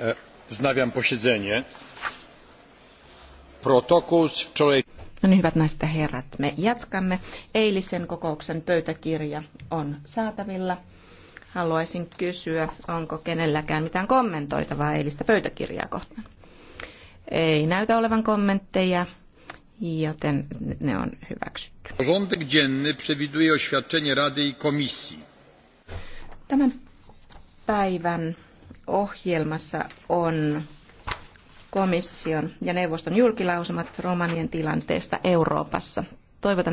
E, wznawiam posiedzenie. Protokół z wczoraj... No niin, hyvät naiset ja herrat, me jatkamme. Eilisen kokouksen pöytäkirja on saatavilla. Haluaisin kysyä, onko kenelläkään mitään kommentoitavaa eilistä pöytäkirjaa kohtaan. Ei näytä olevan kommentteja, joten ne on hyväksytty. Porządek dzienny przewiduje oświadczenie Rady i Komisji. Tämän päivän ohjelmassa on komission ja neuvoston julkilausumat romanien tilanteesta Euroopassa. Toivotan